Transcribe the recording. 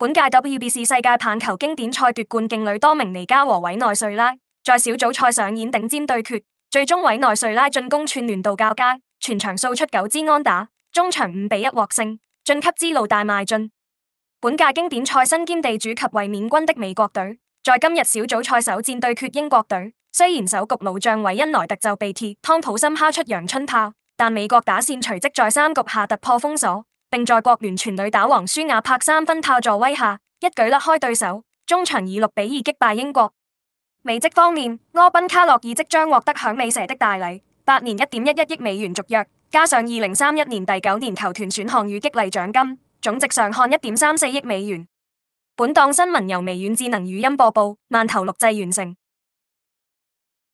本屆 WBC 世界棒球經典賽奪冠勁旅多米尼加和委內瑞拉，在小組賽上演頂尖對決，最終委內瑞拉進攻串聯度較佳，全場掃出九支安打，終場五比一獲勝，晉級之路大邁進。本屆經典賽身兼地主及衛冕軍的美國隊，在今日小組賽首戰對決英國隊，雖然首局老將維恩萊特就被鐵湯普森敲出陽春炮，但美國打線隨即在三局下突破封鎖。並在國聯全壘打王舒亞柏三分炮助威下，一舉甩開對手，終場以六比二擊敗英國。美跡方面，柯賓卡洛爾即將獲得響尾蛇的大禮，八年一點一一億美元續約，加上二零三一年第九年球團選項與激勵獎金，總值上看一點三四億美元。本檔新聞由微軟智能語音播報，曼頭錄製完成。